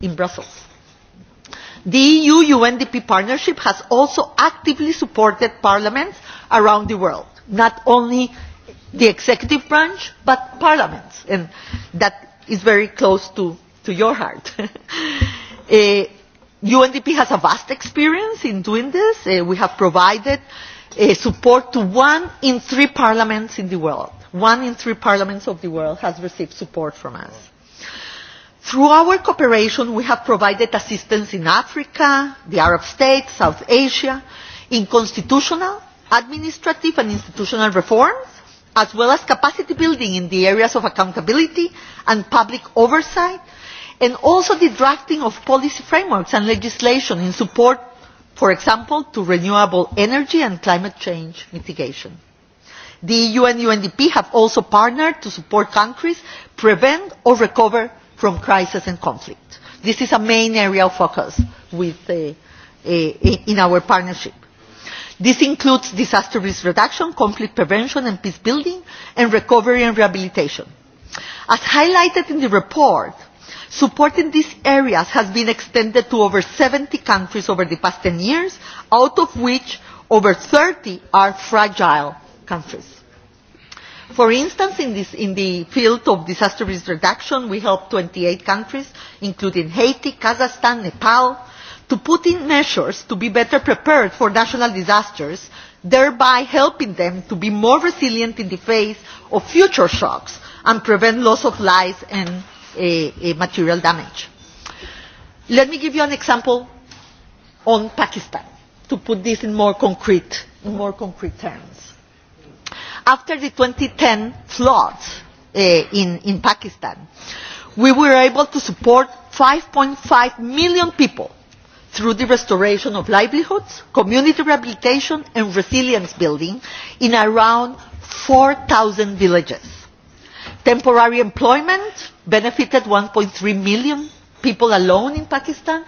in Brussels. The EU-UNDP partnership has also actively supported parliaments around the world, not only the executive branch, but parliaments, and that is very close to, to your heart. uh, UNDP has a vast experience in doing this. Uh, we have provided uh, support to one in three parliaments in the world. One in three parliaments of the world has received support from us Through our cooperation, we have provided assistance in Africa, the Arab states, South Asia, in constitutional, administrative and institutional reforms, as well as capacity building in the areas of accountability and public oversight, and also the drafting of policy frameworks and legislation in support, for example, to renewable energy and climate change mitigation. The EU and UNDP have also partnered to support countries prevent or recover from crisis and conflict. This is a main area of focus with, uh, uh, in our partnership. This includes disaster risk reduction, conflict prevention and peace building, and recovery and rehabilitation. As highlighted in the report, support in these areas has been extended to over 70 countries over the past 10 years, out of which over 30 are fragile countries. For instance, in, this, in the field of disaster risk reduction, we helped 28 countries, including Haiti, Kazakhstan, Nepal, to put in measures to be better prepared for national disasters, thereby helping them to be more resilient in the face of future shocks and prevent loss of lives and a, a material damage. Let me give you an example on Pakistan to put this in more concrete, in more concrete terms after the 2010 floods uh, in, in Pakistan, we were able to support 5.5 million people through the restoration of livelihoods, community rehabilitation, and resilience building in around 4,000 villages. Temporary employment benefited 1.3 million people alone in Pakistan,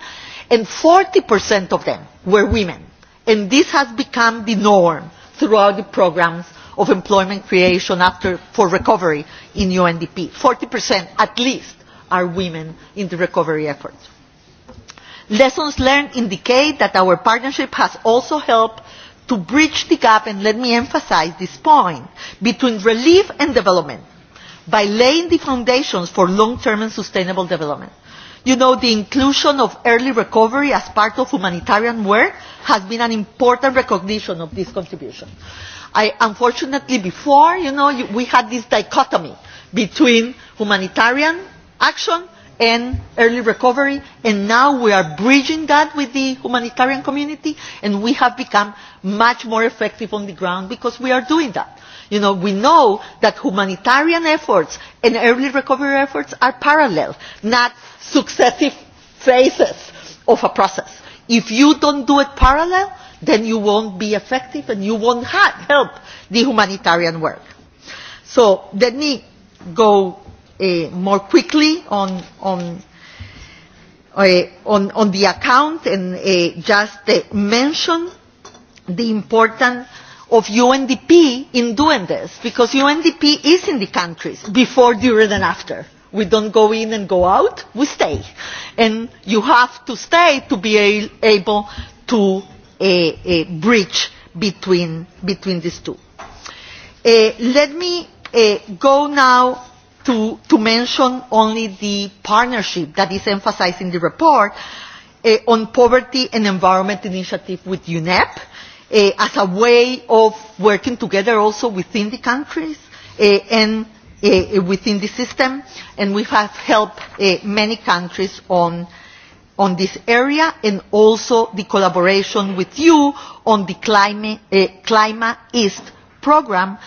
and 40% of them were women. And this has become the norm throughout the programs of employment creation after, for recovery in UNDP. 40% at least are women in the recovery effort. Lessons learned indicate that our partnership has also helped to bridge the gap, and let me emphasize this point, between relief and development by laying the foundations for long-term and sustainable development. You know, the inclusion of early recovery as part of humanitarian work has been an important recognition of this contribution. I, unfortunately, before, you know, you, we had this dichotomy between humanitarian action and early recovery, and now we are bridging that with the humanitarian community, and we have become much more effective on the ground because we are doing that. You know, we know that humanitarian efforts and early recovery efforts are parallel, not successive phases of a process. If you don't do it parallel, then you won't be effective and you won't ha- help the humanitarian work. So let me go uh, more quickly on, on, uh, on, on the account and uh, just uh, mention the importance of UNDP in doing this because UNDP is in the countries before, during and after. We don't go in and go out, we stay. And you have to stay to be able to a, a bridge between, between these two. Uh, let me uh, go now to, to mention only the partnership that is emphasized in the report uh, on poverty and environment initiative with UNEP uh, as a way of working together also within the countries uh, and uh, within the system. And we have helped uh, many countries on on this area and also the collaboration with you on the Climate, uh, Climate East programme,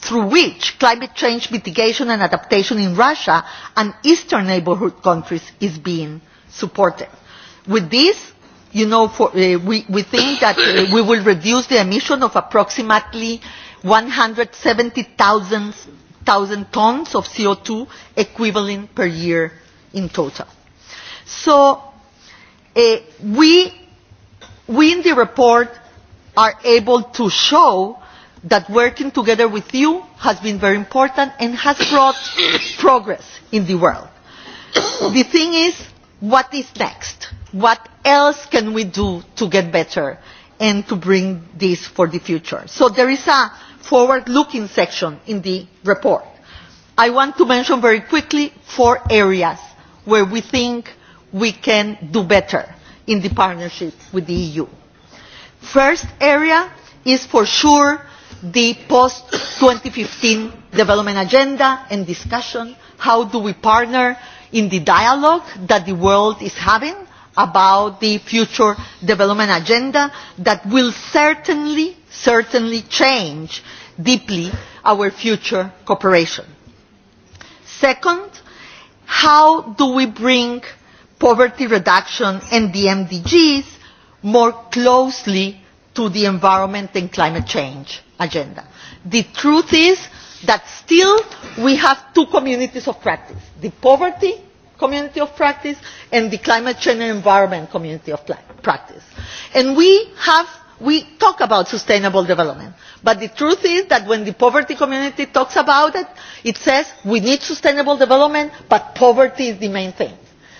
through which climate change mitigation and adaptation in Russia and eastern neighbourhood countries is being supported. With this, you know, for, uh, we, we think that uh, we will reduce the emission of approximately 170,000 tons of CO2 equivalent per year in total. So uh, we, we in the report are able to show that working together with you has been very important and has brought progress in the world. The thing is, what is next? What else can we do to get better and to bring this for the future? So there is a forward-looking section in the report. I want to mention very quickly four areas where we think we can do better in the partnership with the EU. First area is for sure the post-2015 development agenda and discussion. How do we partner in the dialogue that the world is having about the future development agenda that will certainly, certainly change deeply our future cooperation. Second, how do we bring poverty reduction and the MDGs more closely to the environment and climate change agenda. The truth is that still we have two communities of practice, the poverty community of practice and the climate change and environment community of practice. And we have we talk about sustainable development. But the truth is that when the poverty community talks about it, it says we need sustainable development, but poverty is the main thing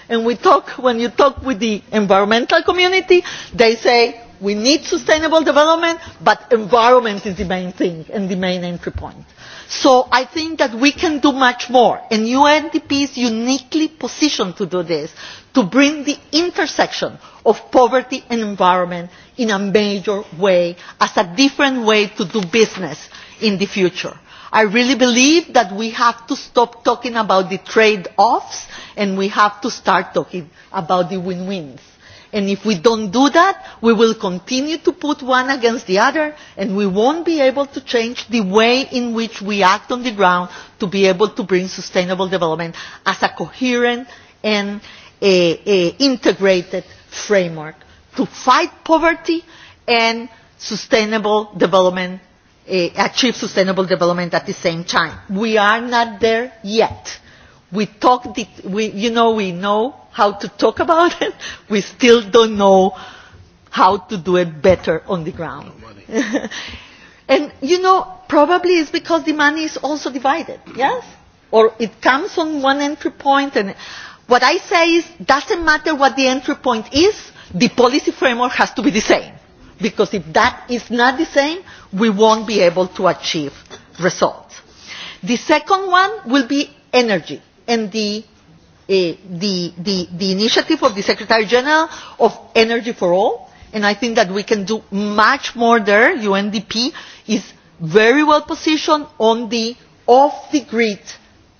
and we talk when you talk with the environmental community they say we need sustainable development but environment is the main thing and the main entry point. so i think that we can do much more and undp is uniquely positioned to do this to bring the intersection of poverty and environment in a major way as a different way to do business in the future I really believe that we have to stop talking about the trade-offs and we have to start talking about the win-wins. And if we don't do that, we will continue to put one against the other and we won't be able to change the way in which we act on the ground to be able to bring sustainable development as a coherent and a, a integrated framework to fight poverty and sustainable development uh, achieve sustainable development at the same time. We are not there yet. We talk, the, we, you know, we know how to talk about it. We still don't know how to do it better on the ground. No and you know, probably it's because the money is also divided, yes? Or it comes on one entry point and what I say is doesn't matter what the entry point is, the policy framework has to be the same. Because if that is not the same, we won't be able to achieve results. The second one will be energy and the, uh, the, the, the initiative of the Secretary General of Energy for All. And I think that we can do much more there. UNDP is very well positioned on the off-the-grid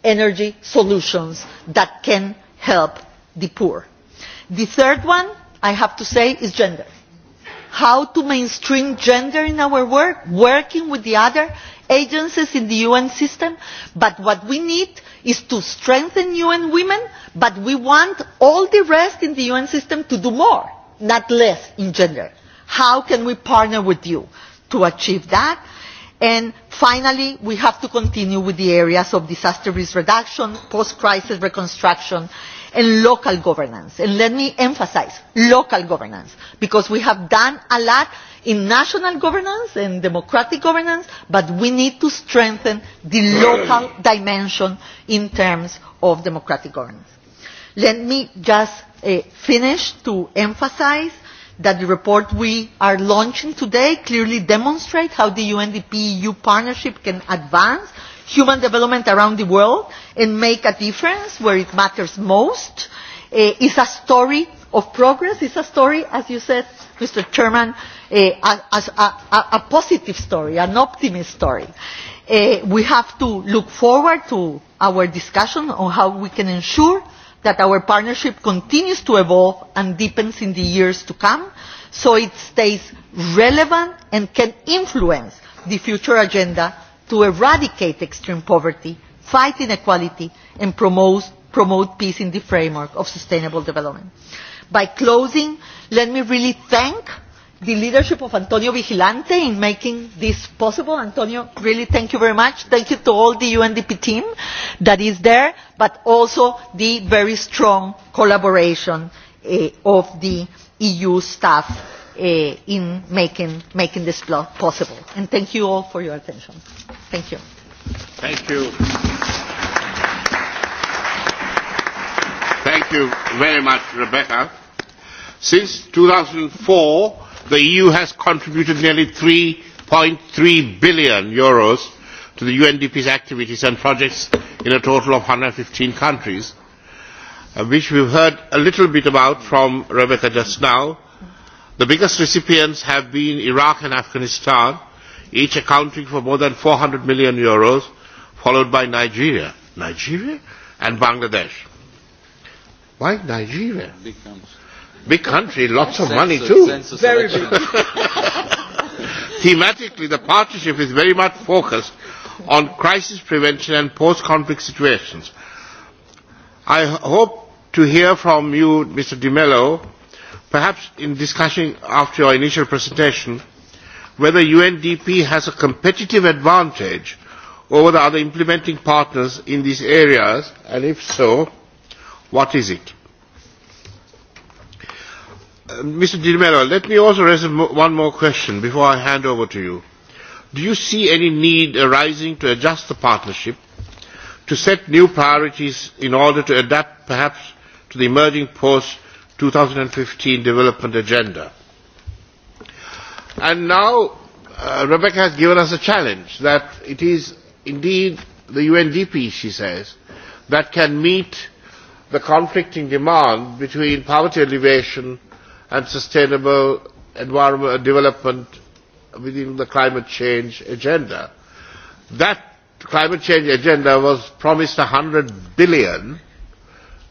energy solutions that can help the poor. The third one, I have to say, is gender how to mainstream gender in our work, working with the other agencies in the UN system. But what we need is to strengthen UN women, but we want all the rest in the UN system to do more, not less in gender. How can we partner with you to achieve that? And finally, we have to continue with the areas of disaster risk reduction, post-crisis reconstruction, and local governance. And let me emphasize local governance, because we have done a lot in national governance and democratic governance, but we need to strengthen the local dimension in terms of democratic governance. Let me just uh, finish to emphasize that the report we are launching today clearly demonstrates how the UNDP-EU partnership can advance human development around the world and make a difference where it matters most. Uh, it's a story of progress. It's a story, as you said, Mr. Chairman, uh, a, a, a positive story, an optimist story. Uh, we have to look forward to our discussion on how we can ensure that our partnership continues to evolve and deepens in the years to come so it stays relevant and can influence the future agenda to eradicate extreme poverty, fight inequality, and promote, promote peace in the framework of sustainable development. By closing, let me really thank the leadership of Antonio Vigilante in making this possible. Antonio, really thank you very much. Thank you to all the UNDP team that is there, but also the very strong collaboration uh, of the EU staff uh, in making, making this plot possible. And thank you all for your attention. Thank you. Thank you. Thank you very much, Rebecca. Since 2004, the EU has contributed nearly 3.3 billion euros to the UNDP's activities and projects in a total of 115 countries, which we've heard a little bit about from Rebecca just now The biggest recipients have been Iraq and Afghanistan, each accounting for more than 400 million euros, followed by Nigeria. Nigeria and Bangladesh. Why Nigeria? Big country. Big country, lots of money too. Very big. Thematically, the partnership is very much focused on crisis prevention and post-conflict situations. I hope to hear from you, Mr. Di Mello, perhaps in discussing after your initial presentation whether UNDP has a competitive advantage over the other implementing partners in these areas, and if so, what is it? Mr. Di Mello, let me also raise one more question before I hand over to you. Do you see any need arising to adjust the partnership, to set new priorities in order to adapt perhaps to the emerging post 2015 development agenda. And now uh, Rebecca has given us a challenge that it is indeed the UNDP, she says, that can meet the conflicting demand between poverty alleviation and sustainable environment development within the climate change agenda. That climate change agenda was promised 100 billion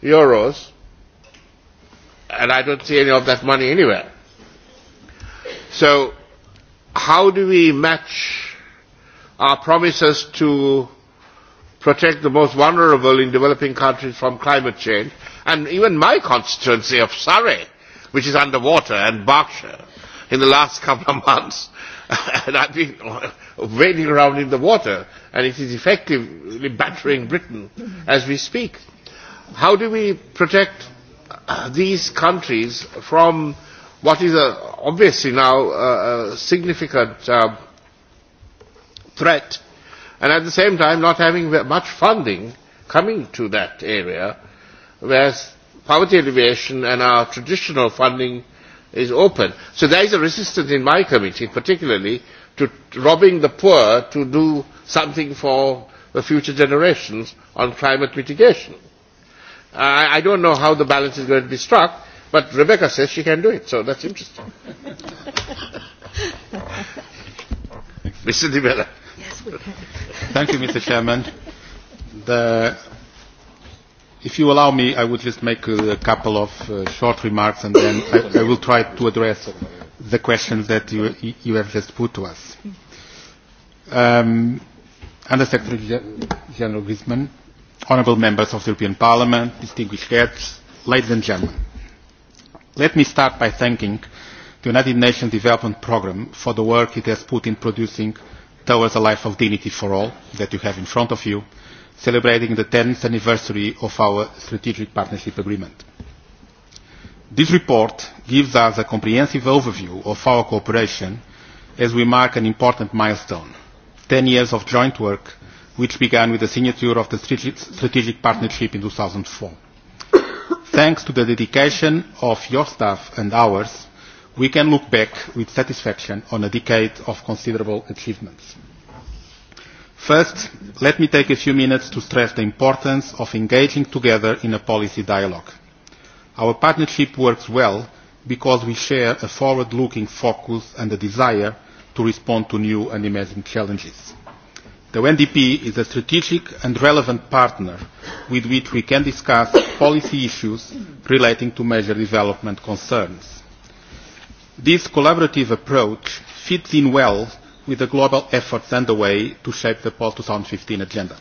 euros and I don't see any of that money anywhere. So how do we match our promises to protect the most vulnerable in developing countries from climate change? And even my constituency of Surrey, which is underwater, and Berkshire, in the last couple of months, and I've been wading around in the water, and it is effectively battering Britain as we speak. How do we protect these countries from what is a, obviously now a, a significant uh, threat, and at the same time not having much funding coming to that area, whereas poverty alleviation and our traditional funding is open. So there is a resistance in my committee, particularly, to robbing the poor to do something for the future generations on climate mitigation I, I don't know how the balance is going to be struck, but Rebecca says she can do it, so that's interesting. Mr. Dibella. Yes, we can. Thank you, Mr. Chairman. The, if you allow me, I would just make a couple of uh, short remarks, and then I, I will try to address the questions that you, you have just put to us. Um, Under Secretary General Griezmann, honourable members of the European Parliament, distinguished guests, ladies and gentlemen. Let me start by thanking the United Nations Development Programme for the work it has put in producing towards a life of dignity for all that you have in front of you, celebrating the tenth anniversary of our Strategic Partnership Agreement. This report gives us a comprehensive overview of our cooperation as we mark an important milestone, ten years of joint work which began with the signature of the strategic partnership in 2004. Thanks to the dedication of your staff and ours, we can look back with satisfaction on a decade of considerable achievements. First, let me take a few minutes to stress the importance of engaging together in a policy dialogue. Our partnership works well because we share a forward-looking focus and a desire to respond to new and emerging challenges the ndp is a strategic and relevant partner with which we can discuss policy issues relating to major development concerns. this collaborative approach fits in well with the global efforts underway to shape the post 2015 fifteen agenda.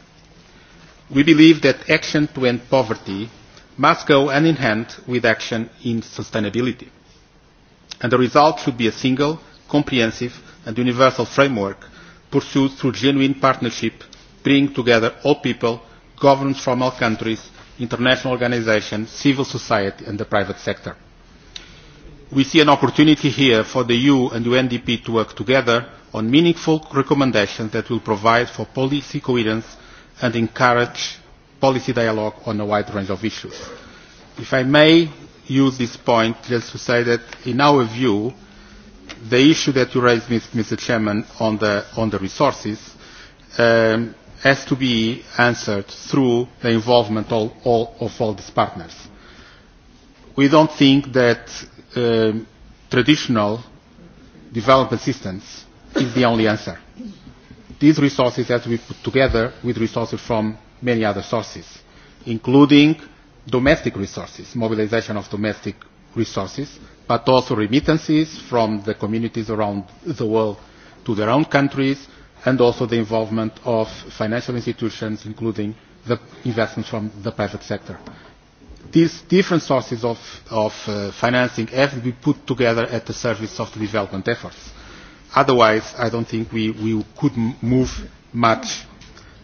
we believe that action to end poverty must go hand in hand with action in sustainability and the result should be a single comprehensive and universal framework pursued through genuine partnership, bringing together all people, governments from all countries, international organisations, civil society and the private sector. We see an opportunity here for the EU and UNDP to work together on meaningful recommendations that will provide for policy coherence and encourage policy dialogue on a wide range of issues. If I may use this point just to say that in our view, the issue that you raised, Mr. Chairman, on the, on the resources um, has to be answered through the involvement of all, of all these partners. We don't think that um, traditional development assistance is the only answer. These resources have to be put together with resources from many other sources, including domestic resources, mobilization of domestic resources, but also remittances from the communities around the world to their own countries, and also the involvement of financial institutions, including the investments from the private sector. These different sources of, of uh, financing have to be put together at the service of the development efforts. Otherwise, I don't think we, we could move much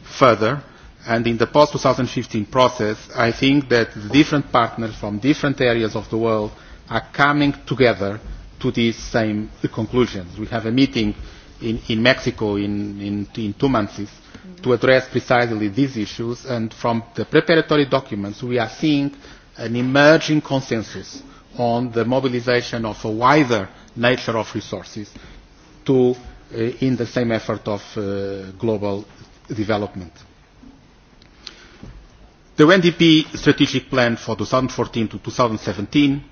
further And in the post-2015 process, I think that the different partners from different areas of the world are coming together to these same conclusions. We have a meeting in, in Mexico in, in, in two months to address precisely these issues. And from the preparatory documents, we are seeing an emerging consensus on the mobilization of a wider nature of resources to, uh, in the same effort of uh, global development the UNDP strategic plan for 2014 fourteen to 2017, seventeen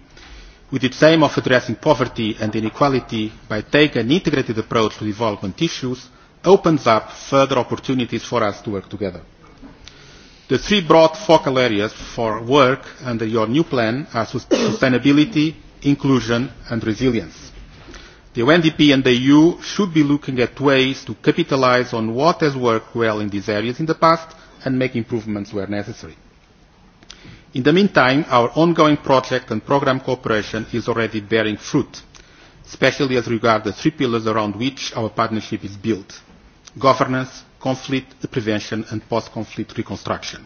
with its aim of addressing poverty and inequality by taking an integrated approach to development issues opens up further opportunities for us to work together. the three broad focal areas for work under your new plan are sustainability inclusion and resilience. the UNDP and the eu should be looking at ways to capitalise on what has worked well in these areas in the past and make improvements where necessary. In the meantime, our ongoing project and programme cooperation is already bearing fruit, especially as regards the three pillars around which our partnership is built governance, conflict prevention and post-conflict reconstruction,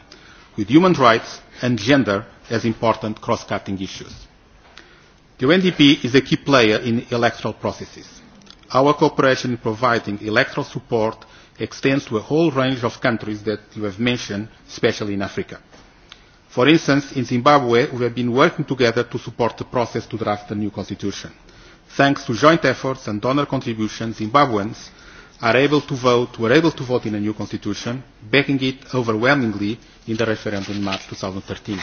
with human rights and gender as important cross-cutting issues. The UNDP is a key player in electoral processes. Our cooperation in providing electoral support extends to a whole range of countries that you have mentioned, especially in Africa. For instance, in Zimbabwe, we have been working together to support the process to draft a new constitution. Thanks to joint efforts and donor contributions, Zimbabweans are able to vote, were able to vote in a new constitution, backing it overwhelmingly in the referendum in March 2013.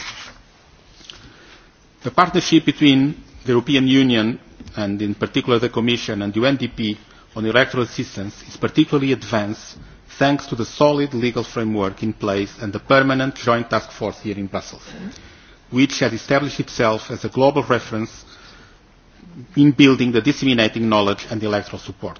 The partnership between the European Union and in particular the Commission and UNDP on electoral assistance is particularly advanced thanks to the solid legal framework in place and the permanent joint task force here in brussels which has established itself as a global reference in building the disseminating knowledge and electoral support.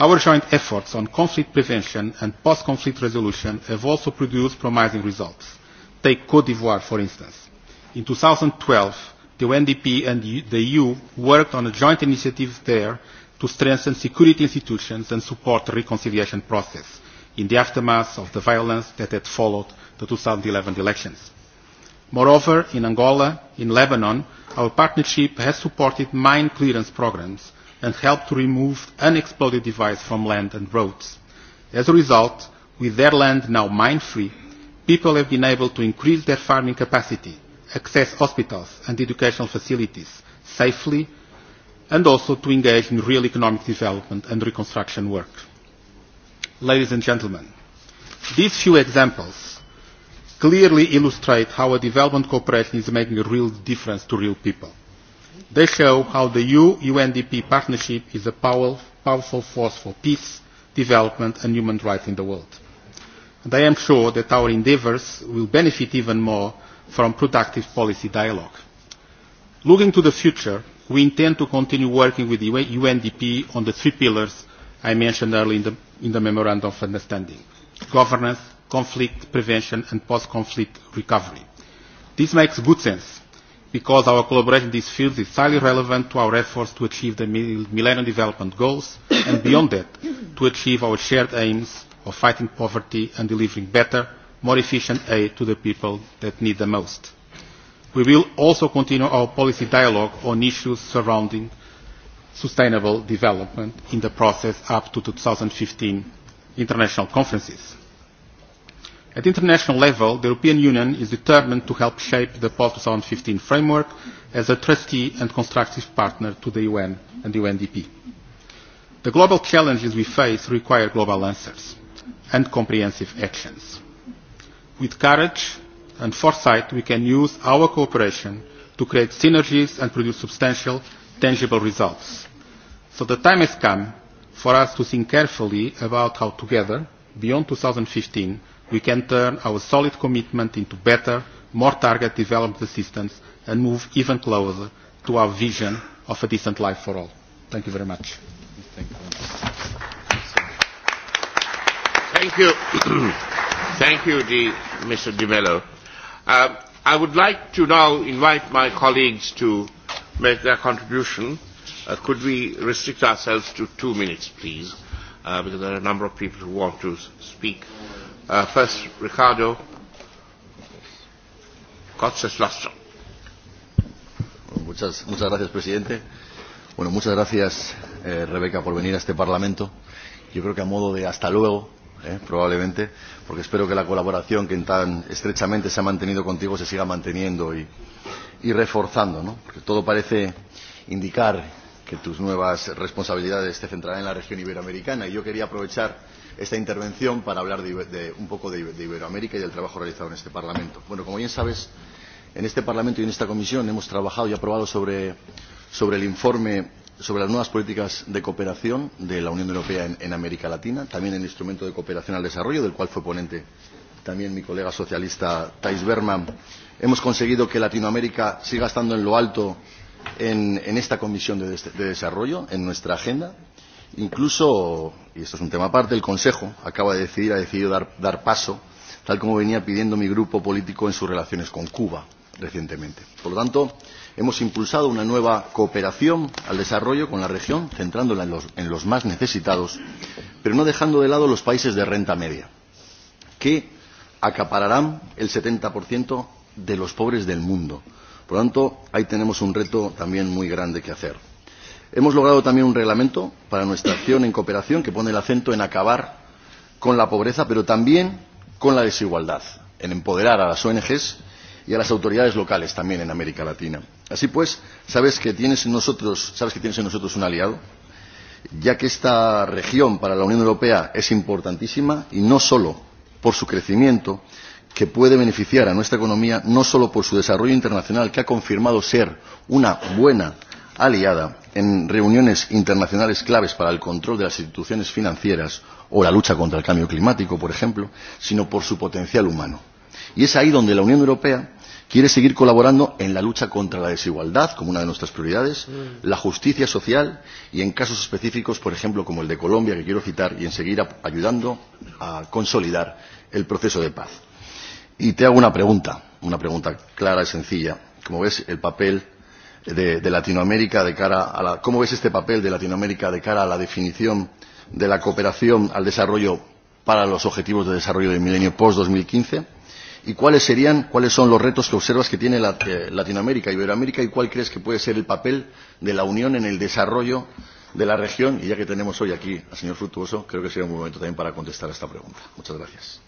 our joint efforts on conflict prevention and post conflict resolution have also produced promising results. take cote d'ivoire for instance. in 2012, twelve the undp and the eu worked on a joint initiative there to strengthen security institutions and support the reconciliation process in the aftermath of the violence that had followed the 2011 elections. Moreover, in Angola, in Lebanon, our partnership has supported mine clearance programs and helped to remove unexploded devices from land and roads. As a result, with their land now mine-free, people have been able to increase their farming capacity, access hospitals and educational facilities safely and also to engage in real economic development and reconstruction work. Ladies and gentlemen, these few examples clearly illustrate how a development cooperation is making a real difference to real people. They show how the EU-UNDP partnership is a powerful force for peace, development and human rights in the world. And I am sure that our endeavours will benefit even more from productive policy dialogue. Looking to the future, we intend to continue working with the UNDP on the three pillars I mentioned earlier in the, in the Memorandum of Understanding governance, conflict prevention and post-conflict recovery. This makes good sense because our collaboration in these fields is highly relevant to our efforts to achieve the Millennium Development Goals and beyond that to achieve our shared aims of fighting poverty and delivering better, more efficient aid to the people that need the most we will also continue our policy dialogue on issues surrounding sustainable development in the process up to the 2015 international conferences. At international level, the European Union is determined to help shape the post-2015 framework as a trustee and constructive partner to the UN and the UNDP. The global challenges we face require global answers and comprehensive actions. With courage, and foresight, we can use our cooperation to create synergies and produce substantial, tangible results. So the time has come for us to think carefully about how together, beyond 2015, we can turn our solid commitment into better, more targeted development assistance and move even closer to our vision of a decent life for all. Thank you very much. Thank you. Thank you, Thank you Mr. Di Mello. Uh, I would like to now invite my colleagues to make their contribution. Uh, could we restrict ourselves to two minutes, please? Uh, because there are a number of people who want to speak. Uh, first, Ricardo Cotzes Muchas, muchas gracias, presidente. Bueno, muchas gracias, eh, Rebeca, por venir a este Parlamento. Yo creo que a modo de hasta luego ¿eh? probablemente, porque espero que la colaboración que tan estrechamente se ha mantenido contigo se siga manteniendo y, y reforzando, ¿no? porque todo parece indicar que tus nuevas responsabilidades te centrarán en la región iberoamericana y yo quería aprovechar esta intervención para hablar de, de, un poco de, de Iberoamérica y del trabajo realizado en este Parlamento. Bueno, como bien sabes, en este Parlamento y en esta Comisión hemos trabajado y aprobado sobre, sobre el informe sobre las nuevas políticas de cooperación de la Unión Europea en, en América Latina, también el instrumento de cooperación al desarrollo, del cual fue ponente también mi colega socialista Thijs Berman. Hemos conseguido que Latinoamérica siga estando en lo alto en, en esta Comisión de, de Desarrollo, en nuestra agenda. Incluso, y esto es un tema aparte, el Consejo acaba de decidir, ha decidido dar, dar paso, tal como venía pidiendo mi grupo político en sus relaciones con Cuba recientemente. Por lo tanto, Hemos impulsado una nueva cooperación al desarrollo con la región, centrándola en los, en los más necesitados, pero no dejando de lado los países de renta media, que acapararán el 70% de los pobres del mundo. Por lo tanto, ahí tenemos un reto también muy grande que hacer. Hemos logrado también un reglamento para nuestra acción en cooperación que pone el acento en acabar con la pobreza, pero también con la desigualdad, en empoderar a las ONGs y a las autoridades locales también en América Latina. Así pues, sabes que tienes en nosotros, sabes que tienes en nosotros un aliado, ya que esta región para la Unión Europea es importantísima y no solo por su crecimiento, que puede beneficiar a nuestra economía no solo por su desarrollo internacional, que ha confirmado ser una buena aliada en reuniones internacionales claves para el control de las instituciones financieras o la lucha contra el cambio climático, por ejemplo, sino por su potencial humano Y es ahí donde la Unión Europea quiere seguir colaborando en la lucha contra la desigualdad como una de nuestras prioridades, la justicia social y en casos específicos, por ejemplo, como el de Colombia, que quiero citar, y en seguir ayudando a consolidar el proceso de paz. Y te hago una pregunta, una pregunta clara y sencilla. Como ves, el papel de, de Latinoamérica de cara a la, ¿cómo ves este papel de Latinoamérica de cara a la definición de la cooperación al desarrollo para los objetivos de desarrollo del milenio post 2015? y cuáles serían, cuáles son los retos que observas que tiene Latinoamérica, Iberoamérica y cuál crees que puede ser el papel de la Unión en el desarrollo de la región. Y ya que tenemos hoy aquí al señor Fructuoso, creo que sería un buen momento también para contestar a esta pregunta. Muchas gracias.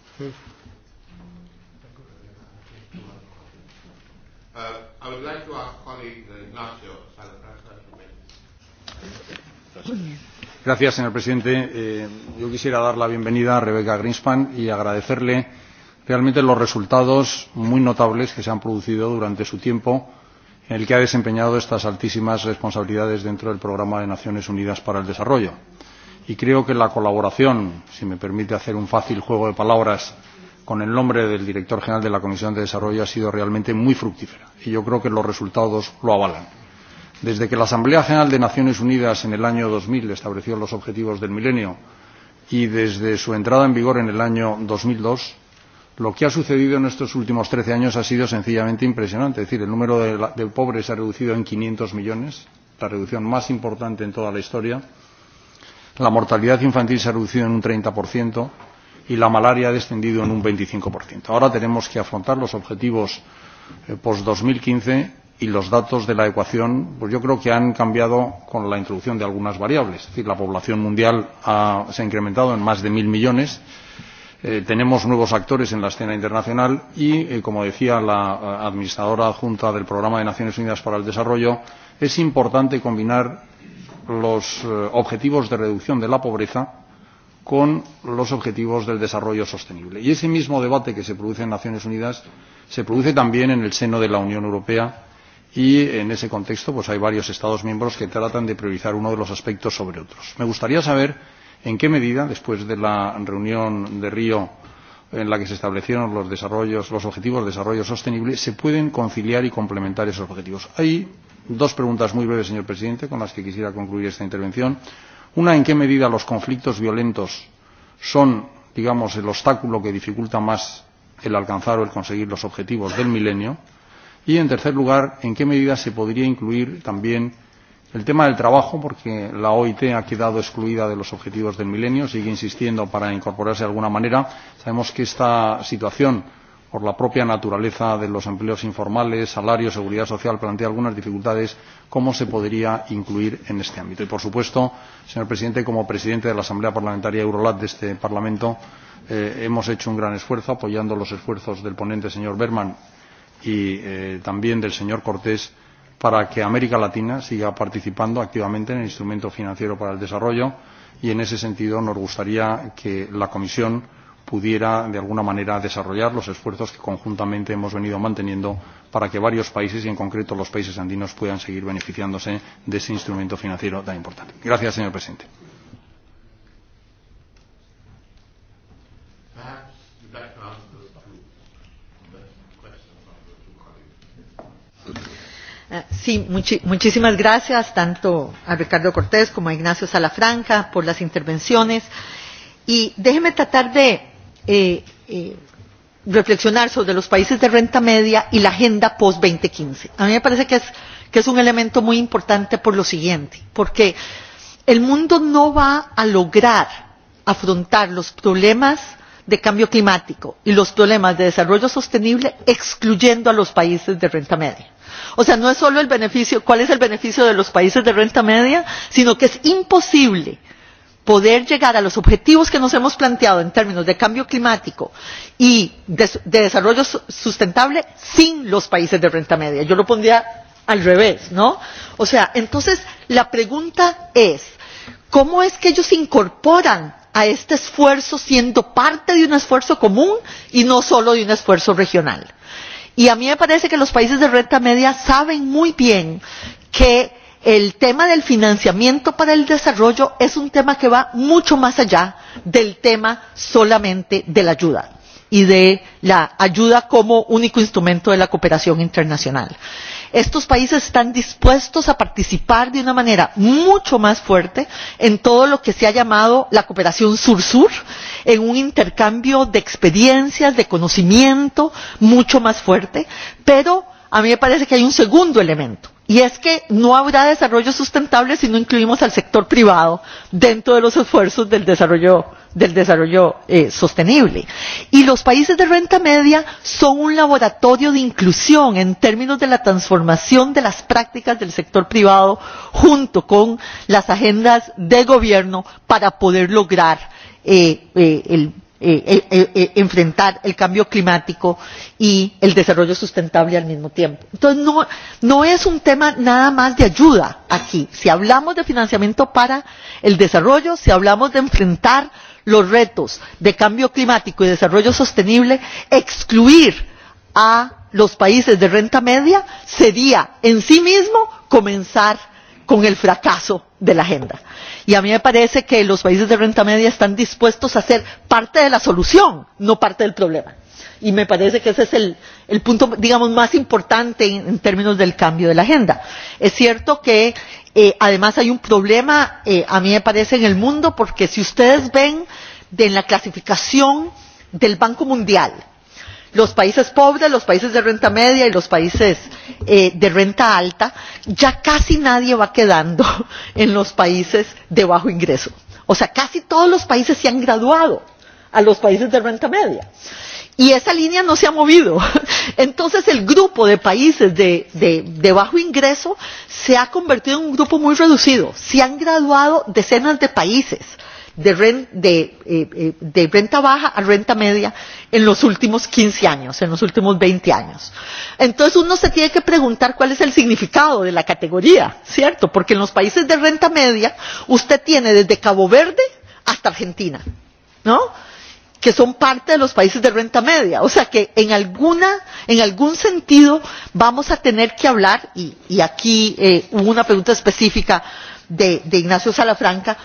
Gracias, señor presidente. Eh, yo quisiera dar la bienvenida a Rebeca Greenspan y agradecerle realmente los resultados muy notables que se han producido durante su tiempo en el que ha desempeñado estas altísimas responsabilidades dentro del programa de las Naciones Unidas para el Desarrollo. Y creo que la colaboración, si me permite hacer un fácil juego de palabras con el nombre del director general de la Comisión de Desarrollo, ha sido realmente muy fructífera. Y yo creo que los resultados lo avalan. Desde que la Asamblea General de las Naciones Unidas en el año dos mil estableció los objetivos del milenio y desde su entrada en vigor en el año dos mil dos lo que ha sucedido en estos últimos trece años ha sido sencillamente impresionante. Es decir, el número de, de pobres se ha reducido en 500 millones, la reducción más importante en toda la historia. La mortalidad infantil se ha reducido en un 30% y la malaria ha descendido en un 25%. Ahora tenemos que afrontar los objetivos eh, post-2015 y los datos de la ecuación, pues yo creo que han cambiado con la introducción de algunas variables. Es decir, la población mundial ha, se ha incrementado en más de mil millones tenemos nuevos actores en la escena internacional y como decía la administradora adjunta del programa de las naciones unidas para el desarrollo es importante combinar los objetivos de reducción de la pobreza con los objetivos del desarrollo sostenible. Y ese mismo debate que se produce en las Naciones Unidas se produce también en el seno de la Unión Europea y en ese contexto hay varios Estados miembros que tratan de priorizar uno de los aspectos sobre otros. Me gustaría saber en qué medida, después de la reunión de Río en la que se establecieron los, desarrollos, los objetivos de desarrollo sostenible, se pueden conciliar y complementar esos objetivos. Hay dos preguntas muy breves, señor presidente, con las que quisiera concluir esta intervención. Una, ¿en qué medida los conflictos violentos son, digamos, el obstáculo que dificulta más el alcanzar o el conseguir los objetivos del milenio? Y, en tercer lugar, ¿en qué medida se podría incluir también El tema del trabajo, porque la OIT ha quedado excluida de los objetivos del milenio, sigue insistiendo para incorporarse de alguna manera. Sabemos que esta situación, por la propia naturaleza de los empleos informales, salario, seguridad social, plantea algunas dificultades. ¿Cómo se podría incluir en este ámbito? Y, por supuesto, señor presidente, como presidente de la Asamblea Parlamentaria Eurolat de este Parlamento, eh, hemos hecho un gran esfuerzo apoyando los esfuerzos del ponente, señor Berman, y eh, también del señor Cortés para que América Latina siga participando activamente en el Instrumento Financiero para el Desarrollo y, en ese sentido, nos gustaría que la Comisión pudiera, de alguna manera, desarrollar los esfuerzos que conjuntamente hemos venido manteniendo para que varios países, y en concreto los países andinos, puedan seguir beneficiándose de ese instrumento financiero tan importante. Gracias, señor presidente. Sí, muchísimas gracias tanto a Ricardo Cortés como a Ignacio Salafranca por las intervenciones. Y déjeme tratar de eh, eh, reflexionar sobre los países de renta media y la agenda post-2015. A mí me parece que es, que es un elemento muy importante por lo siguiente, porque el mundo no va a lograr afrontar los problemas de cambio climático y los problemas de desarrollo sostenible excluyendo a los países de renta media O sea, no es solo el beneficio, cuál es el beneficio de los países de renta media, sino que es imposible poder llegar a los objetivos que nos hemos planteado en términos de cambio climático y de, de desarrollo sustentable sin los países de renta media. Yo lo pondría al revés, ¿no? O sea, entonces la pregunta es, ¿cómo es que ellos incorporan a este esfuerzo siendo parte de un esfuerzo común y no solo de un esfuerzo regional? Y a mí me parece que los países de renta media saben muy bien que el tema del financiamiento para el desarrollo es un tema que va mucho más allá del tema solamente de la ayuda y de la ayuda como único instrumento de la cooperación internacional. Estos países están dispuestos a participar de una manera mucho más fuerte en todo lo que se ha llamado la cooperación sur-sur, en un intercambio de experiencias, de conocimiento mucho más fuerte, pero a mí me parece que hay un segundo elemento. Y es que no habrá desarrollo sustentable si no incluimos al sector privado dentro de los esfuerzos del desarrollo del desarrollo eh, sostenible. Y los países de renta media son un laboratorio de inclusión en términos de la transformación de las prácticas del sector privado junto con las agendas de gobierno para poder lograr eh, eh, el eh, eh, eh, enfrentar el cambio climático y el desarrollo sustentable al mismo tiempo. Entonces, no, no es un tema nada más de ayuda aquí. Si hablamos de financiamiento para el desarrollo, si hablamos de enfrentar los retos de cambio climático y desarrollo sostenible, excluir a los países de renta media sería en sí mismo comenzar con el fracaso de la agenda. Y a mí me parece que los países de renta media están dispuestos a ser parte de la solución, no parte del problema. Y me parece que ese es el, el punto, digamos, más importante en, en términos del cambio de la agenda. Es cierto que Eh, además hay un problema, eh, a mí me parece, en el mundo, porque si ustedes ven de la clasificación del Banco Mundial, los países pobres, los países de renta media y los países eh, de renta alta, ya casi nadie va quedando en los países de bajo ingreso. O sea, casi todos los países se han graduado a los países de renta media. Y esa línea no se ha movido. Entonces el grupo de países de, de, de bajo ingreso se ha convertido en un grupo muy reducido. Se han graduado decenas de países de, rent, de, eh, de renta baja a renta media en los últimos 15 años, en los últimos 20 años. Entonces uno se tiene que preguntar cuál es el significado de la categoría, ¿cierto? Porque en los países de renta media usted tiene desde Cabo Verde hasta Argentina, ¿no? que son parte de los países de renta media. O sea que en alguna, en algún sentido vamos a tener que hablar, y, y aquí eh, hubo una pregunta específica de, de Ignacio Salafranca,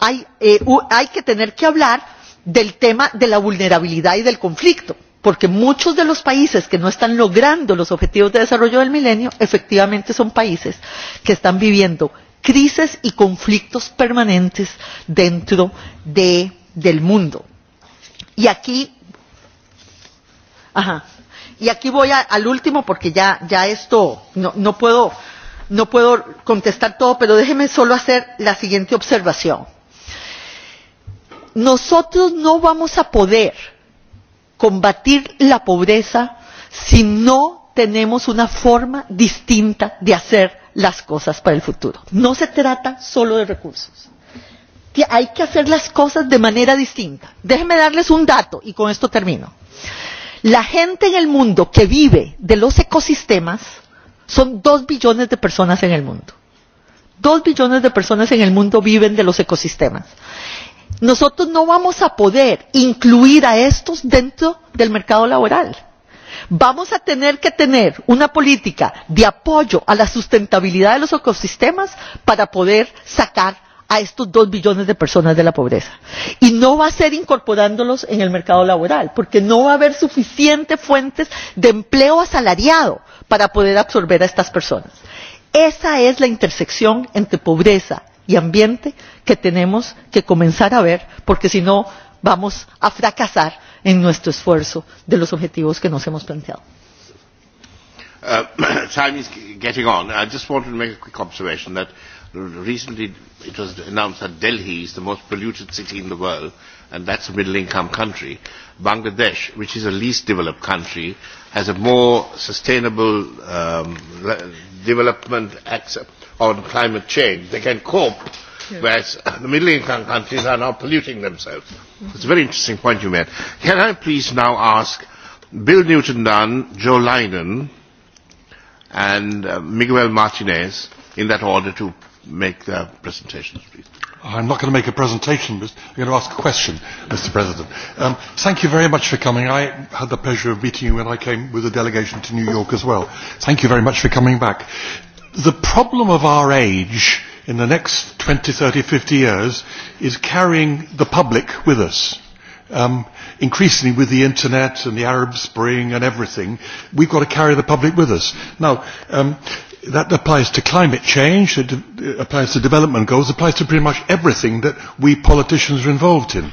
hay, eh, hay que tener que hablar del tema de la vulnerabilidad y del conflicto, porque muchos de los países que no están logrando los objetivos de desarrollo del milenio efectivamente son países que están viviendo crisis y conflictos permanentes dentro de, del mundo. Y aquí, ajá, y aquí voy a, al último porque ya, ya esto no, no puedo no puedo contestar todo, pero déjeme solo hacer la siguiente observación. Nosotros no vamos a poder combatir la pobreza si no tenemos una forma distinta de hacer las cosas para el futuro. No se trata solo de recursos que hay que hacer las cosas de manera distinta. Déjenme darles un dato y con esto termino. La gente en el mundo que vive de los ecosistemas son dos billones de personas en el mundo. Dos billones de personas en el mundo viven de los ecosistemas. Nosotros no vamos a poder incluir a estos dentro del mercado laboral. Vamos a tener que tener una política de apoyo a la sustentabilidad de los ecosistemas para poder sacar a estos dos billones de personas de la pobreza. Y no va a ser incorporándolos en el mercado laboral, porque no va a haber suficientes fuentes de empleo asalariado para poder absorber a estas personas. Esa es la intersección entre pobreza y ambiente que tenemos que comenzar a ver, porque si no vamos a fracasar en nuestro esfuerzo de los objetivos que nos hemos planteado. Uh, time is getting on. I just wanted to make a quick observation that uh, Recently, it was announced that Delhi is the most polluted city in the world, and that's a middle-income country. Bangladesh, which is a least developed country, has a more sustainable um, development access on climate change. They can cope, whereas the middle-income countries are now polluting themselves. It's a very interesting point you made. Can I please now ask Bill Newton-Dunn, Joe Linen, and uh, Miguel Martinez, in that order to make their presentations, please. I'm not going to make a presentation, but I'm going to ask a question, Mr. President. Um, thank you very much for coming. I had the pleasure of meeting you when I came with a delegation to New York as well. Thank you very much for coming back. The problem of our age in the next 20, 30, 50 years is carrying the public with us um, increasingly with the internet and the Arab Spring and everything, we've got to carry the public with us. Now, um, that applies to climate change, it applies to development goals, it applies to pretty much everything that we politicians are involved in.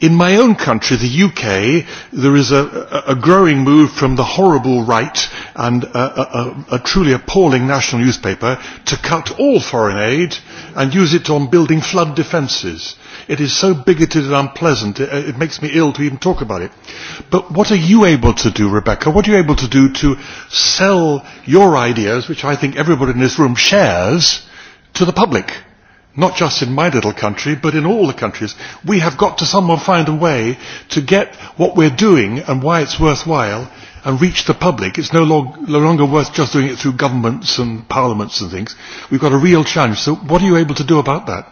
In my own country, the UK, there is a, a growing move from the horrible right and a, a, a truly appalling national newspaper to cut all foreign aid and use it on building flood defences It is so bigoted and unpleasant, it, it makes me ill to even talk about it. But what are you able to do, Rebecca? What are you able to do to sell your ideas, which I think everybody in this room shares, to the public? Not just in my little country, but in all the countries. We have got to somehow find a way to get what we're doing and why it's worthwhile and reach the public. It's no, long, no longer worth just doing it through governments and parliaments and things. We've got a real challenge. So what are you able to do about that?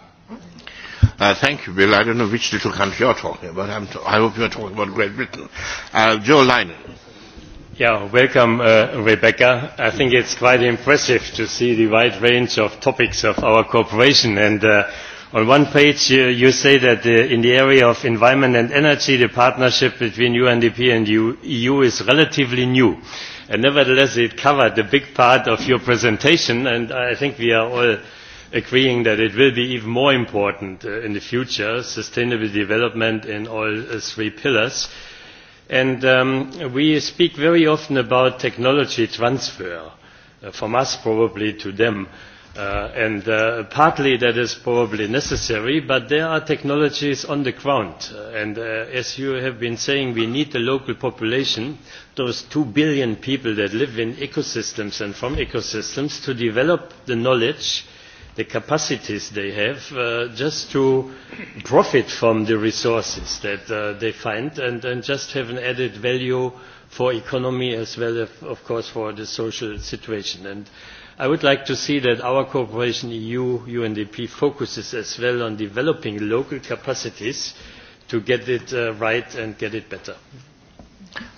Uh, thank you, Bill. I don't know which little country you're talking about. I'm t- I hope you're talking about Great Britain. Uh, Joe Leinen. Yeah, welcome, uh, Rebecca. I think it's quite impressive to see the wide range of topics of our cooperation. And uh, on one page, you, you say that uh, in the area of environment and energy, the partnership between UNDP and EU is relatively new and nevertheless it covered a big part of your presentation and i think we are all agreeing that it will be even more important in the future, sustainable development in all three pillars. And we speak very often about technology transfer, from us probably to them. and partly that is probably necessary, but there are technologies on the ground. And as you have been saying, we need the local population, those two billion people that live in ecosystems and from ecosystems, to develop the knowledge the capacities they have just to profit from the resources that they find and, then just have an added value for economy as well as, of course, for the social situation. And I would like to see that our cooperation EU-UNDP focuses as well on developing local capacities to get it right and get it better.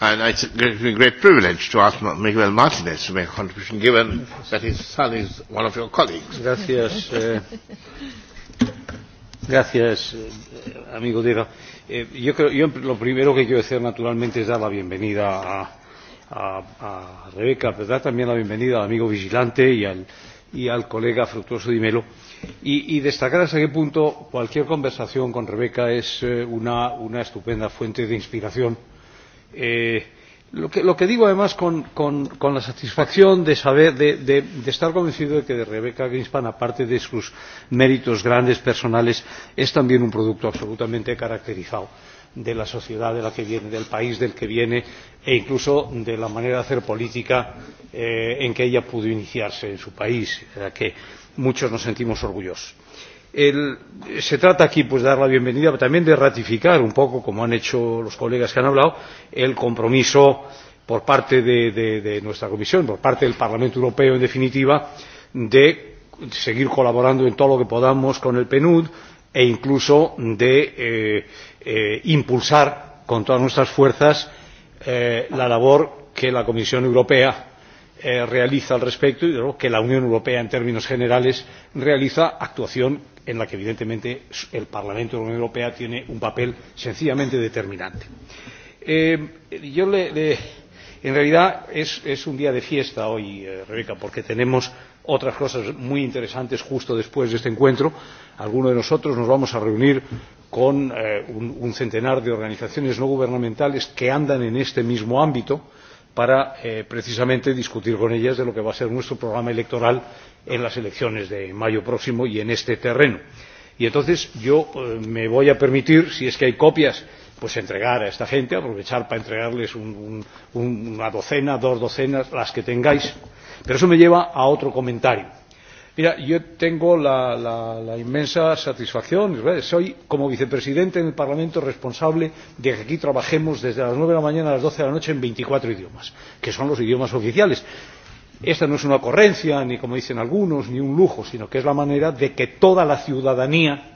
And it's a great privilege to ask Miguel Martinez to make a contribution, given that his son is one of your colleagues. Gracias, Uh, gracias amigo Diego. Eh, yo, creo, yo lo primero que quiero decir, naturalmente, es dar la bienvenida a, a, a Rebeca, pero dar también la bienvenida al amigo vigilante y al, y al colega Fructuoso Di Melo. Y, y destacar hasta qué punto cualquier conversación con Rebeca es eh, una, una estupenda fuente de inspiración lo que digo además con la satisfacción de saber de estar convencido de que de rebecca greenspan aparte de sus méritos grandes personales es también un producto absolutamente caracterizado de la sociedad de la que viene del país del que viene e incluso de la manera de hacer política en que ella pudo iniciarse en su país de la que muchos nos sentimos orgullosos se trata aquí de dar la bienvenida pero también de ratificar un poco como han hecho los colegas que han hablado el compromiso por parte de nuestra comisión por parte del parlamento europeo en definitiva de seguir colaborando en todo lo que podamos con el pnud e incluso de impulsar con todas nuestras fuerzas la labor que la comisión europea realiza al respecto y que la Unión Europea, en términos generales, realiza actuación en la que, evidentemente, el Parlamento de la Unión Europea tiene un papel sencillamente determinante. yo le, en realidad es, es un día de fiesta hoy, Rebeca, porque tenemos otras cosas muy interesantes justo después de este encuentro. Algunos de nosotros nos vamos a reunir con un, centenar de organizaciones no gubernamentales que andan en este mismo ámbito para precisamente discutir con ellas de lo que va a ser nuestro programa electoral en las elecciones de mayo próximo y en este terreno. y entonces yo me voy a permitir si es que hay copias pues entregar a esta gente aprovechar para entregarles una docena dos docenas las que tengáis. pero eso me lleva a otro comentario Mira, yo tengo la, la, la inmensa satisfacción, soy como vicepresidente en el Parlamento responsable de que aquí trabajemos desde las 9 de la mañana a las 12 de la noche en 24 idiomas, que son los idiomas oficiales. Esta no es una ocurrencia, ni como dicen algunos, ni un lujo, sino que es la manera de que toda la ciudadanía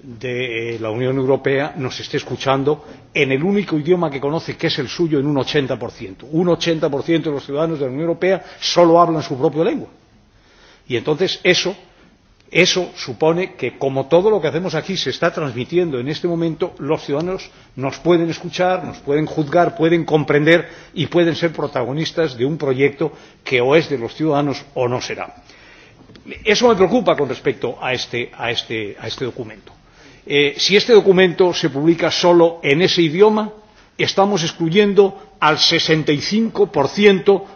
de la Unión Europea nos esté escuchando en el único idioma que conoce, que es el suyo, en un 80%. Un 80% de los ciudadanos de la Unión Europea solo hablan su propia lengua y entonces eso Eso supone que, como todo lo que hacemos aquí se está transmitiendo en este momento, los ciudadanos nos pueden escuchar, nos pueden juzgar, pueden comprender y pueden ser protagonistas de un proyecto que o es de los ciudadanos o no será. Eso me preocupa con respecto a este, a este, a este documento. Eh, si este documento se publica solo en ese idioma, estamos excluyendo al sesenta y cinco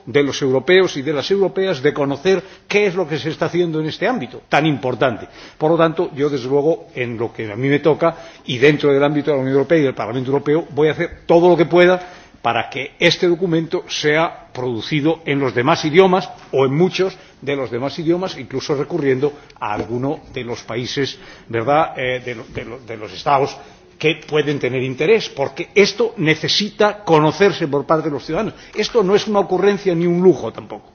de los europeos y de las europeas de conocer qué es lo que se está haciendo en este ámbito tan importante. por lo tanto yo desde luego en lo que a mí me toca y dentro del ámbito de la unión europea y del parlamento europeo voy a hacer todo lo que pueda para que este documento sea producido en los demás idiomas o en muchos de los demás idiomas incluso recurriendo a alguno de los países de los estados que pueden tener interés, porque esto necesita conocerse por parte de los ciudadanos. Esto no es una ocurrencia ni un lujo tampoco.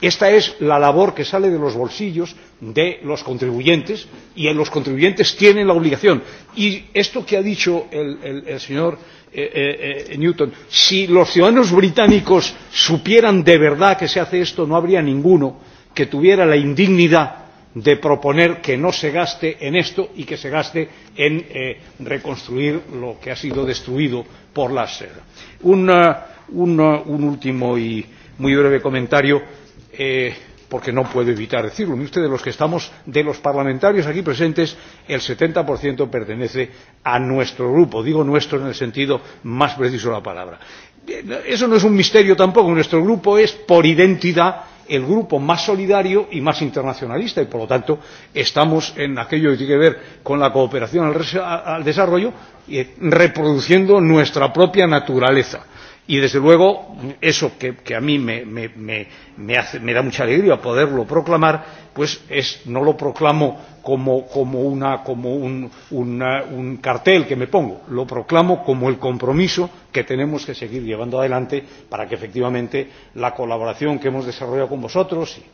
Esta es la labor que sale de los bolsillos de los contribuyentes y los contribuyentes tienen la obligación. Y esto que ha dicho el, el, el señor eh, eh, Newton, si los ciudadanos británicos supieran de verdad que se hace esto, no habría ninguno que tuviera la indignidad de proponer que no se gaste en esto y que se gaste en reconstruir lo que ha sido destruido por la Un, un, último y muy breve comentario. Eh, porque no puedo evitar decirlo. Mire usted, de los que estamos, de los parlamentarios aquí presentes, el 70% pertenece a nuestro grupo. Digo nuestro en el sentido más preciso de la palabra. Eso no es un misterio tampoco. Nuestro grupo es, por identidad, el grupo más solidario y más internacionalista y por lo tanto estamos en aquello que tiene que ver con la cooperación al desarrollo reproduciendo nuestra propia naturaleza y desde luego eso que, a mí me, da mucha alegría poderlo proclamar pues no lo proclamo como, un, cartel que me pongo lo proclamo como el compromiso que tenemos que seguir llevando adelante para que efectivamente la colaboración que hemos desarrollado con vosotros y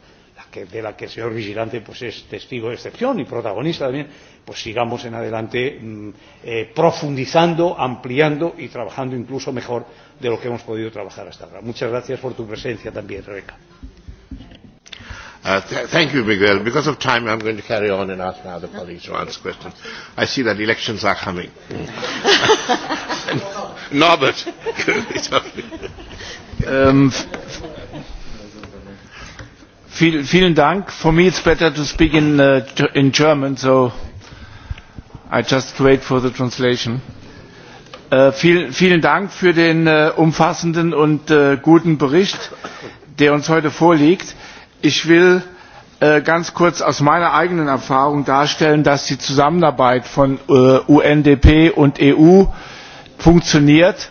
que, de la que el señor vigilante pues es testigo de excepción y protagonista también, pues sigamos en adelante mmm, eh, profundizando, ampliando y trabajando incluso mejor de lo que hemos podido trabajar hasta ahora. Muchas gracias por tu presencia también, Rebeca. Uh, th thank you, Miguel. Because of time, I'm going to carry on and ask my other colleagues to answer questions. I see that elections are coming. Norbert. um, Vielen Dank. For me, it's better to speak in, uh, in German, so I just wait for the translation. Äh, viel, vielen Dank für den äh, umfassenden und äh, guten Bericht, der uns heute vorliegt. Ich will äh, ganz kurz aus meiner eigenen Erfahrung darstellen, dass die Zusammenarbeit von äh, UNDP und EU funktioniert.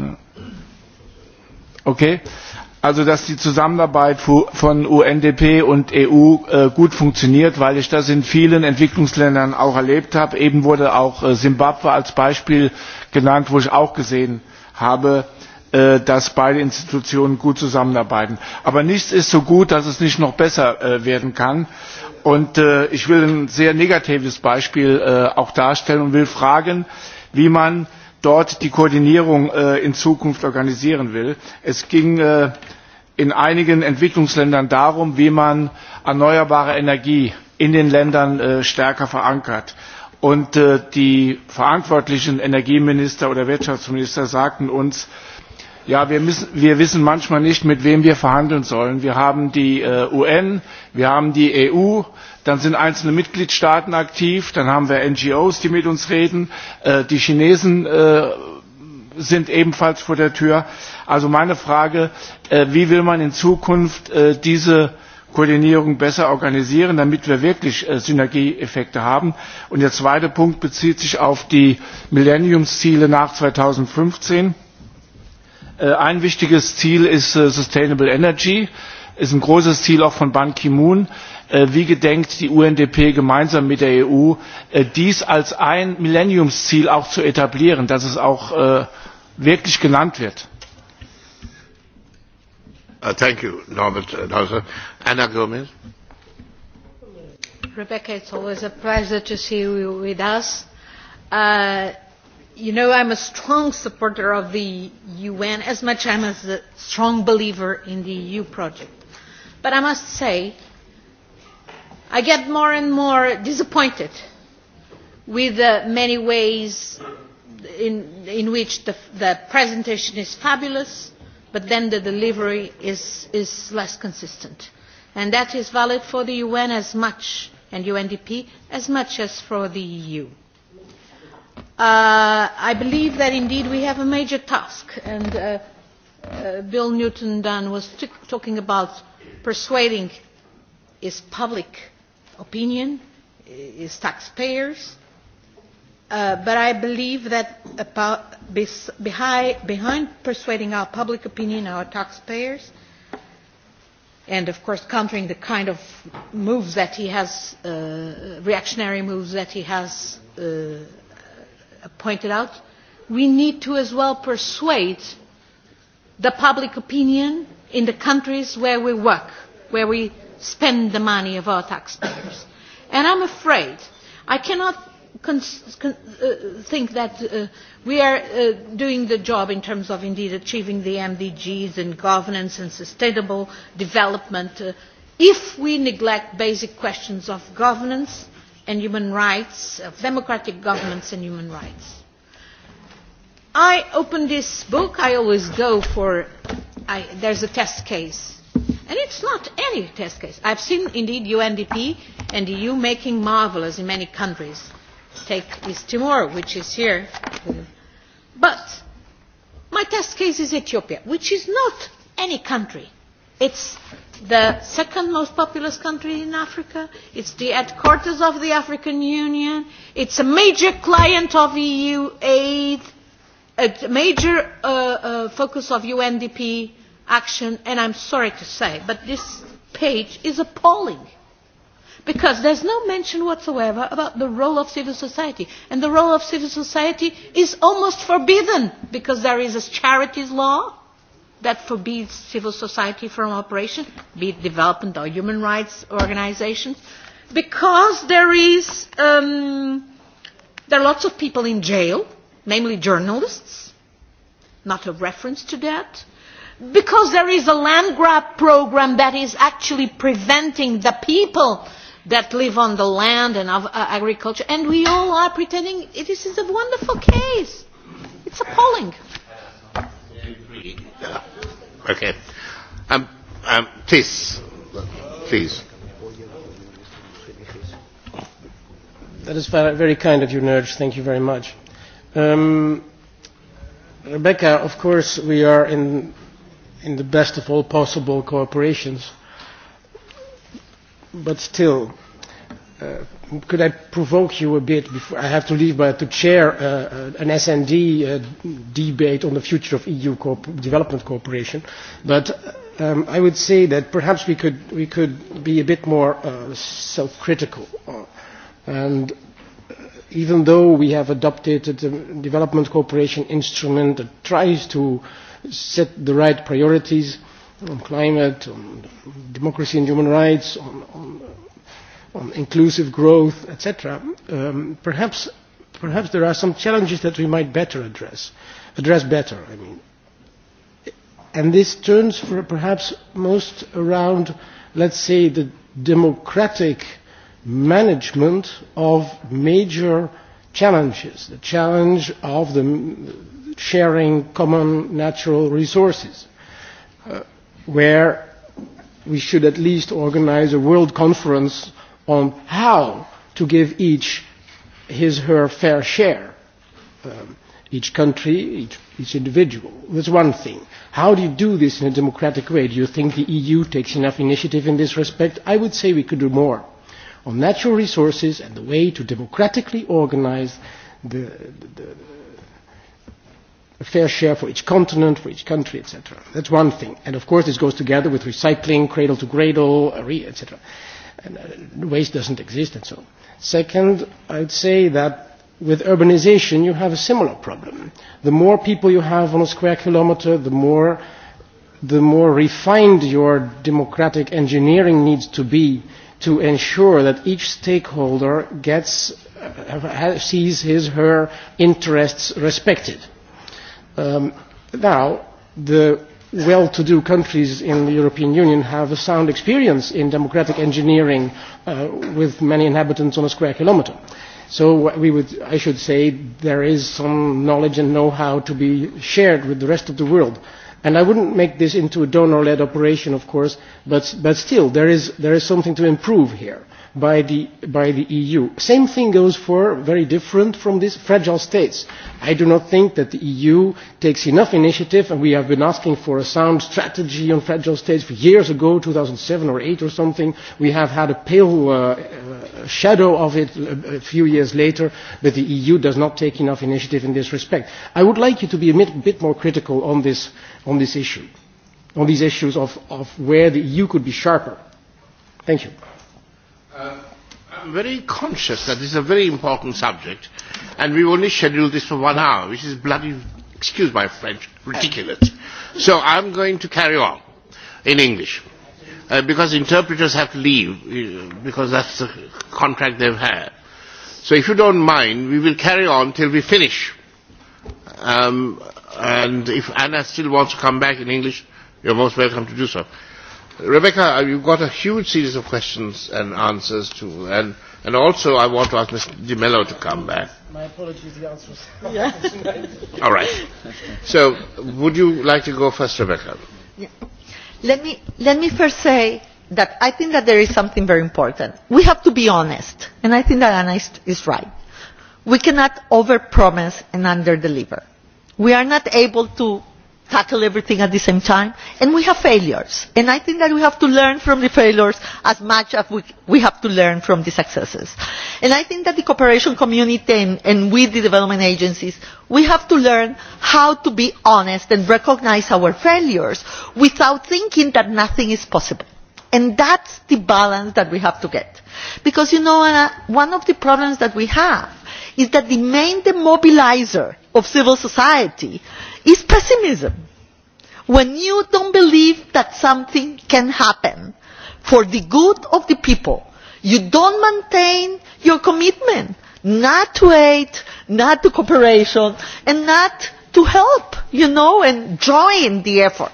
Ja Okay. Also dass die Zusammenarbeit von UNDP und EU gut funktioniert, weil ich das in vielen Entwicklungsländern auch erlebt habe. Eben wurde auch Simbabwe als Beispiel genannt, wo ich auch gesehen habe, dass beide Institutionen gut zusammenarbeiten. Aber nichts ist so gut, dass es nicht noch besser werden kann. Und ich will ein sehr negatives Beispiel auch darstellen und will fragen, wie man dort die Koordinierung in Zukunft organisieren will. Es ging in einigen Entwicklungsländern darum, wie man erneuerbare Energie in den Ländern stärker verankert. Und die verantwortlichen Energieminister oder Wirtschaftsminister sagten uns, ja, wir, müssen, wir wissen manchmal nicht, mit wem wir verhandeln sollen. Wir haben die UN, wir haben die EU, dann sind einzelne Mitgliedstaaten aktiv, dann haben wir NGOs, die mit uns reden, die Chinesen sind ebenfalls vor der Tür. Also meine Frage, wie will man in Zukunft diese Koordinierung besser organisieren, damit wir wirklich Synergieeffekte haben? Und der zweite Punkt bezieht sich auf die Millenniumsziele nach 2015. Ein wichtiges Ziel ist Sustainable Energy, ist ein großes Ziel auch von Ban Ki-moon wie gedenkt die UNDP gemeinsam mit der EU dies als ein Millenniumsziel auch zu etablieren, dass es auch wirklich genannt wird? thank you, Norbert Rebecca, it's always a pleasure to see you with us. Uh, you know, I am a strong supporter of the UN as much as I am a strong believer in the EU project. But I must say, I get more and more disappointed with the many ways in, in which the, the presentation is fabulous, but then the delivery is, is less consistent. And that is valid for the UN as much, and UNDP, as much as for the EU. Uh, I believe that indeed we have a major task, and uh, uh, Bill Newton Dunn was t- talking about persuading his public opinion is taxpayers. Uh, but I believe that about behind, behind persuading our public opinion, our taxpayers, and of course countering the kind of moves that he has, uh, reactionary moves that he has uh, pointed out, we need to as well persuade the public opinion in the countries where we work, where we spend the money of our taxpayers. And I'm afraid I cannot con con- uh, think that uh, we are uh, doing the job in terms of indeed achieving the MDGs and governance and sustainable development uh, if we neglect basic questions of governance and human rights, of democratic governance and human rights. I open this book. I always go for, I, there's a test case And it's not any test case. I've seen, indeed, UNDP and the EU making marvelous in many countries. Take East Timor, which is here. But my test case is Ethiopia, which is not any country. It's the second most populous country in Africa. It's the headquarters of the African Union. It's a major client of EU aid, a major uh, uh, focus of UNDP action, and I'm sorry to say, but this page is appalling because there's no mention whatsoever about the role of civil society. And the role of civil society is almost forbidden because there is a charities law that forbids civil society from operation, be it development or human rights organizations, because there is um, there are lots of people in jail, namely journalists. Not a reference to that because there is a land grab program that is actually preventing the people that live on the land and of uh, agriculture. And we all are pretending it is a wonderful case. It's appalling. Okay. Um, um, please, please. That is very kind of you, Nerj. Thank you very much. Um, Rebecca, of course, we are in in the best of all possible cooperations. But still, uh, could I provoke you a bit before I have to leave, but to chair uh, an SND uh, debate on the future of EU co development cooperation? But um, I would say that perhaps we could we could be a bit more uh, self-critical, and even though we have adopted a development cooperation instrument that tries to uh, set the right priorities on climate, on democracy and human rights, on, on, on inclusive growth, etc., um, perhaps, perhaps there are some challenges that we might better address, address better, I mean. And this turns for perhaps most around, let's say, the democratic management of major challenges, the challenge of the sharing common natural resources, uh, where we should at least organize a world conference on how to give each his her fair share, um, each country, each, each individual. That's one thing. How do you do this in a democratic way? Do you think the EU takes enough initiative in this respect? I would say we could do more on natural resources and the way to democratically organize the, the, a fair share for each continent, for each country, etc. That's one thing. And of course, this goes together with recycling, cradle to cradle, etc. And waste doesn't exist and so on. Second, I would say that with urbanization, you have a similar problem. The more people you have on a square kilometer, the more, the more refined your democratic engineering needs to be to ensure that each stakeholder gets, uh, sees his, her interests respected now, the well-to-do countries in the European Union have a sound experience in democratic engineering with many inhabitants on a square kilometre. So we would, I should say there is some knowledge and know-how to be shared with the rest of the world. And I wouldn't make this into a donor-led operation, of course, but, but still, there is, there is something to improve here by the, by the EU. Same thing goes for, very different from this, fragile states. I do not think that the EU takes enough initiative, and we have been asking for a sound strategy on fragile states for years ago, two thousand seven or eight or something. We have had a pale uh, shadow of it a, few years later, but the EU does not take enough initiative in this respect. I would like you to be a bit, bit more critical on this, on this issue, on these issues of, of where the EU could be sharper. Thank you am very conscious that this is a very important subject, and we only scheduled this for one hour, which is bloody, excuse my French, ridiculous. So I'm going to carry on in English, uh, because interpreters have to leave, uh, because that's the contract they've had. So if you don't mind, we will carry on till we finish. Um, and if Anna still wants to come back in English, you're most welcome to do so. Rebecca, you've got a huge series of questions and answers to, and, and also I want to ask Mr. Di Mello to come back. My apologies, the answers. Yeah. All right. So, would you like to go first, Rebecca? Yeah. Let me let me first say that I think that there is something very important. We have to be honest, and I think that honest is right. We cannot overpromise and underdeliver. We are not able to tackle everything at the same time. And we have failures. And I think that we have to learn from the failures as much as we, we have to learn from the successes. And I think that the cooperation community and, and with the development agencies, we have to learn how to be honest and recognize our failures without thinking that nothing is possible. And that's the balance that we have to get. Because, you know, uh, one of the problems that we have is that the main demobilizer of civil society is pessimism. When you don't believe that something can happen for the good of the people, you don't maintain your commitment not to aid, not to cooperation, and not to help, you know, and join the effort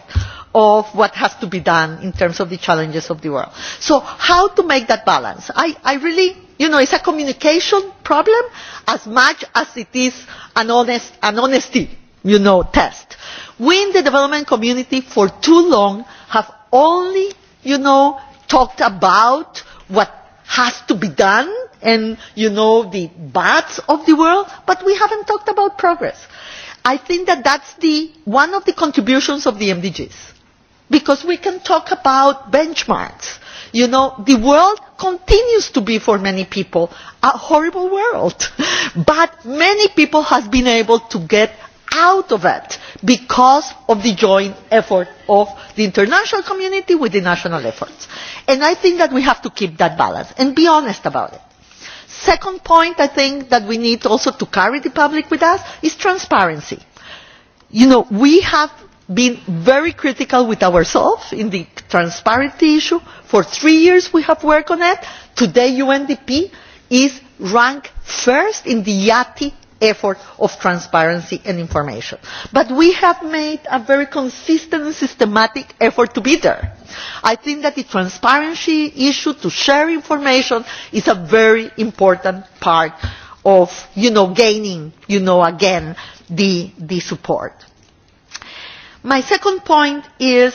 of what has to be done in terms of the challenges of the world. So how to make that balance? I, I really, you know, it's a communication problem as much as it is an, honest, an honesty you know, test. We in the development community for too long have only, you know, talked about what has to be done and, you know, the bads of the world, but we haven't talked about progress. I think that that's the, one of the contributions of the MDGs. Because we can talk about benchmarks. You know, the world continues to be for many people a horrible world. But many people have been able to get out of it because of the joint effort of the international community with the national efforts. And I think that we have to keep that balance and be honest about it. Second point I think that we need also to carry the public with us is transparency. You know, we have been very critical with ourselves in the transparency issue. For three years we have worked on it. Today UNDP is ranked first in the YATI effort of transparency and information. But we have made a very consistent and systematic effort to be there. I think that the transparency issue to share information is a very important part of, you know, gaining, you know, again, the, the support. My second point is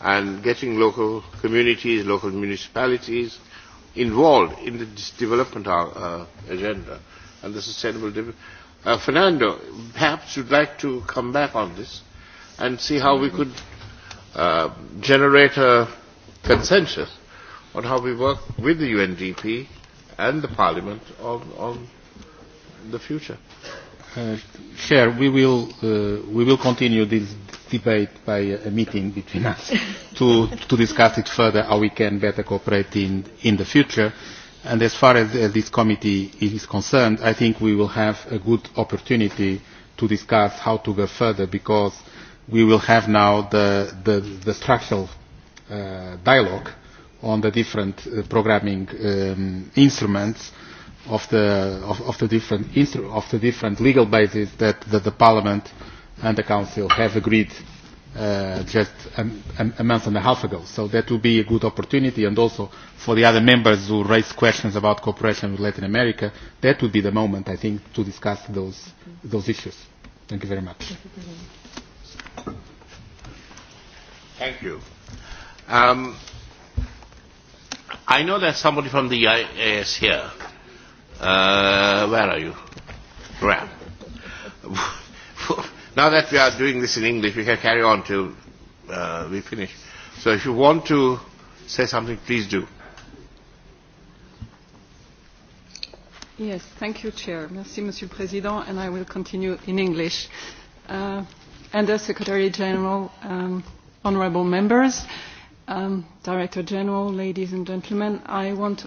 and getting local communities, local municipalities involved in the development uh, agenda and the sustainable development. Uh, Fernando, perhaps you'd like to come back on this and see how we could uh, generate a consensus on how we work with the UNDP and the Parliament on, on the future. Uh, Chair, we will, uh, we will continue this debate by a meeting between us to, to discuss it further, how we can better cooperate in, in the future. And as far as uh, this committee is concerned, I think we will have a good opportunity to discuss how to go further because we will have now the, the, the structural uh, dialogue on the different uh, programming um, instruments of the, of, of, the different instru- of the different legal bases that, that the Parliament uh, and the Council have agreed uh, just a, a month and a half ago. So that will be a good opportunity and also for the other members who raise questions about cooperation with Latin America, that would be the moment, I think, to discuss those, those issues. Thank you very much. Thank you. Um, I know there's somebody from the IAS here. Uh, where are you? Where? Now that we are doing this in English, we can carry on till uh, we finish. So if you want to say something, please do. Yes, thank you, Chair. Merci, Monsieur le Président, and I will continue in English. Uh, the Secretary General, um, honorable members, um, Director General, ladies and gentlemen, I want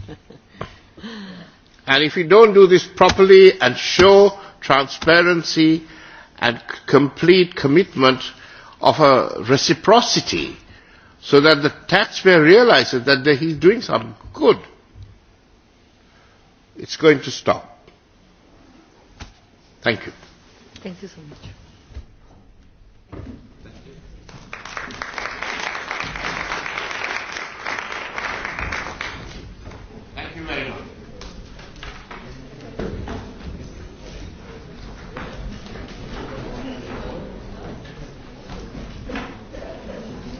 And if do don't do this properly and show transparency and complete commitment of a reciprocity so that the taxpayer realizes that he's doing some good, it's going to stop. Thank you. Thank you so much.